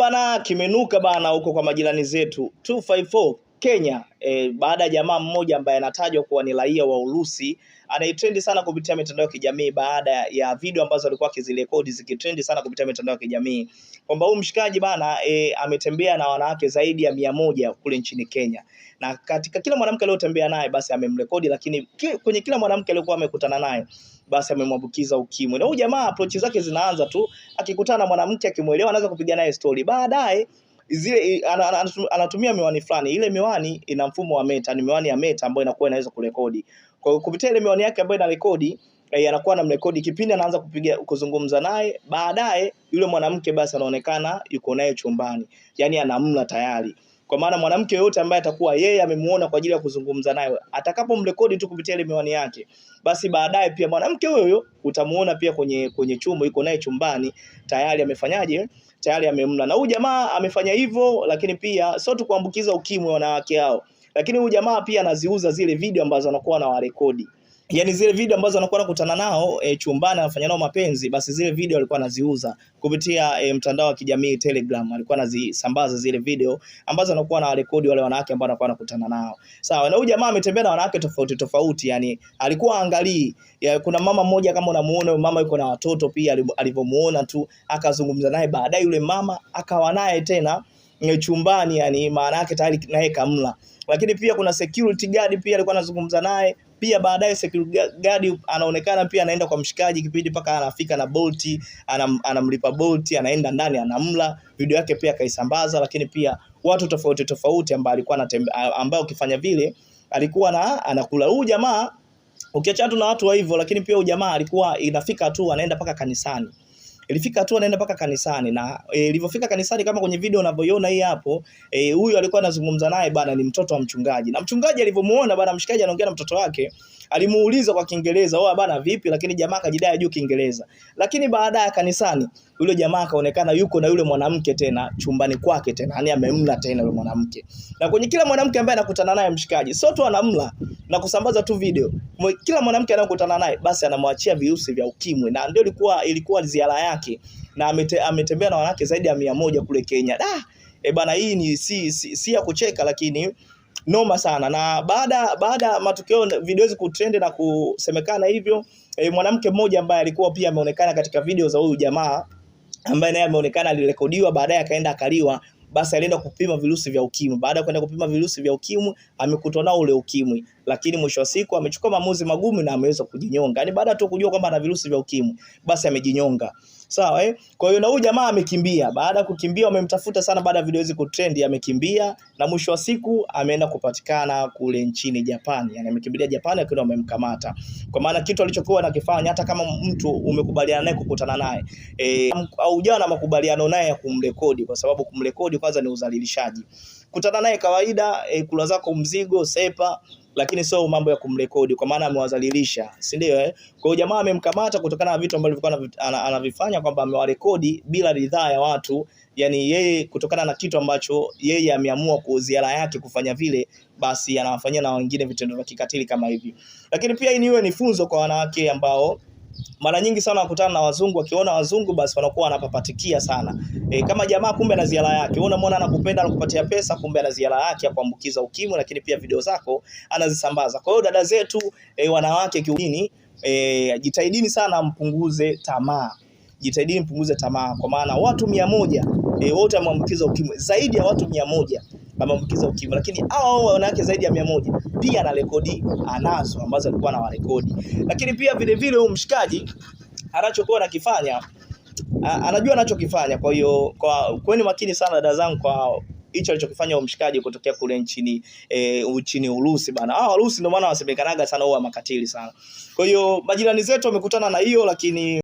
bana, kimenuka bana huko kwa majirani zetu 254 Kenya e, baada ya jamaa mmoja ambaye anatajwa kuwa ni raia wa Urusi anaitrendi sana kupitia mitandao ya kijamii baada ya video ambazo alikuwa akizirekodi zikitrendi sana kupitia mitandao ya kijamii kwamba huyu mshikaji bana e, ametembea na wanawake zaidi ya mia moja kule nchini Kenya, na katika kila mwanamke aliyotembea naye basi amemrekodi, lakini kwenye kila mwanamke aliyokuwa amekutana naye basi amemwambukiza ukimwi. Na huyu jamaa approach zake zinaanza tu, akikutana na mwanamke akimwelewa, anaweza kupiga naye story baadaye zile anatumia miwani fulani, ile miwani ina mfumo wa meta, ni miwani ya meta ambayo inakuwa inaweza kurekodi. Kwa hiyo kupitia ile miwani yake ambayo inarekodi eh, anakuwa anamrekodi kipindi anaanza kupiga kuzungumza naye, baadaye yule mwanamke basi anaonekana yuko naye chumbani, yani anamla tayari. Kwa maana mwanamke yoyote ambaye atakuwa yeye amemuona kwa ajili ya kuzungumza naye, atakapomrekodi tu kupitia ile miwani yake, basi baadaye pia mwanamke huyo utamuona pia kwenye kwenye chumo, yuko naye chumbani tayari amefanyaje? Tayari amemla. Na huyu jamaa amefanya hivyo, lakini pia sio tu kuambukiza ukimwi wanawake hao, lakini huyu jamaa pia anaziuza zile video ambazo anakuwa anawarekodi yani zile video ambazo anakuwa anakutana nao e, chumbani anafanya nao mapenzi, basi zile video alikuwa anaziuza kupitia e, mtandao wa kijamii Telegram. Alikuwa anazisambaza zile video ambazo anakuwa na rekodi wale wanawake ambao anakuwa anakutana nao. Sawa, na huyu jamaa ametembea na wanawake tofauti tofauti, yani alikuwa angalii ya, kuna mama mmoja kama unamuona mama yuko na watoto pia, alivyomuona tu akazungumza naye, baadaye yule mama akawa naye tena e, chumbani, yani maana yake tayari naye kamla. Lakini pia kuna security guard pia alikuwa anazungumza naye pia baadaye security guard anaonekana pia anaenda kwa mshikaji kipindi mpaka anafika na bolti, anam, anamlipa bolti, anaenda ndani anamla. Video yake pia akaisambaza, lakini pia watu tofauti tofauti ambao alikuwa ambao ukifanya vile alikuwa na anakula huyu jamaa ukiachana tu na watu wa hivyo, lakini pia ujamaa alikuwa inafika tu anaenda mpaka kanisani. Ilifika tu anaenda mpaka kanisani, na e, ilivyofika kanisani, kama kwenye video unavyoiona hii hapo, e, huyu alikuwa anazungumza naye bana, ni mtoto wa mchungaji, na mchungaji alivyomuona bana, mshikaji anaongea na mtoto wake alimuuliza kwa Kiingereza, "Oa bana vipi?" Lakini jamaa akajidai juu Kiingereza. Lakini baada ya kanisani, yule jamaa akaonekana yuko na yule mwanamke tena chumbani kwake tena, yani amemla tena yule mwanamke. Na kwenye kila mwanamke ambaye anakutana naye mshikaji, sio tu anamla, na kusambaza tu video. Kila mwanamke anayokutana naye basi anamwachia virusi vya ukimwi, na ndio ilikuwa ilikuwa ziara yake, na amete, ametembea na wanawake zaidi ya mia moja kule Kenya. Da, e bana, hii ni si, si, si ya kucheka, lakini noma sana. Na baada baada matukio video hizi kutrend na kusemekana hivyo, e, mwanamke mmoja ambaye alikuwa pia ameonekana katika video za huyu jamaa ambaye naye ameonekana alirekodiwa, baadaye akaenda akaliwa basi alienda kupima virusi vya ukimwi. Baada ya kwenda kupima virusi vya ukimwi, amekutwa nao ule ukimwi lakini mwisho wa siku amechukua maamuzi magumu na ameweza kujinyonga. Yani baada tu kujua kwamba ana virusi vya ukimwi, basi amejinyonga. Sawa eh? Kwa hiyo na huyu jamaa amekimbia. Baada ya kukimbia wamemtafuta sana baada ya video hizi kutrend, amekimbia na mwisho wa siku ameenda kupatikana kule nchini Japan. Yani amekimbilia Japan akiwa wamemkamata. Kwa maana kitu alichokuwa anakifanya hata kama mtu umekubaliana naye kukutana naye, eh, au jana makubaliano naye ya kumrekodi kwa sababu kumrekodi kwanza ni udhalilishaji. Kutana naye kawaida, e, kula zako mzigo, sepa lakini sio mambo ya kumrekodi, kwa maana amewazalilisha si ndio? Eh, kwa hiyo jamaa amemkamata kutokana na vitu ambavyo alikuwa anavifanya, kwamba amewarekodi bila ridhaa ya watu, yani yeye kutokana na kitu ambacho yeye ameamua kwa ziara yake kufanya vile, basi anawafanyia na wengine vitendo vya kikatili kama hivi. Lakini pia hii niwe ni funzo kwa wanawake ambao mara nyingi sana wakutana na wazungu, wakiona wazungu basi wanakuwa wanapapatikia sana. E, kama jamaa kumbe ana ziara yake, wewe unamwona anakupenda, anakupatia pesa, kumbe ana ziara yake ya kuambukiza ukimwi, lakini pia video zako anazisambaza. Kwa hiyo dada zetu e, wanawake kiujini, e, jitahidini sana mpunguze tamaa, jitahidini mpunguze tamaa, kwa maana watu mia moja e, wote wameambukiza ukimwi, zaidi ya watu mia moja la ukimwi, lakini hao wanawake zaidi ya mia moja pia ana rekodi anazo ambazo alikuwa na warekodi Lakini pia vile vile huyu mshikaji anachokuwa anakifanya anajua anachokifanya. Kwa hiyo kwa kweni makini sana dada zangu kwa hicho alichokifanya huyo mshikaji kutokea kule nchini e, nchini Urusi bana. Ah, Warusi ndio maana wasemekanaga sana huwa makatili sana. Kwa hiyo majirani zetu wamekutana na hiyo lakini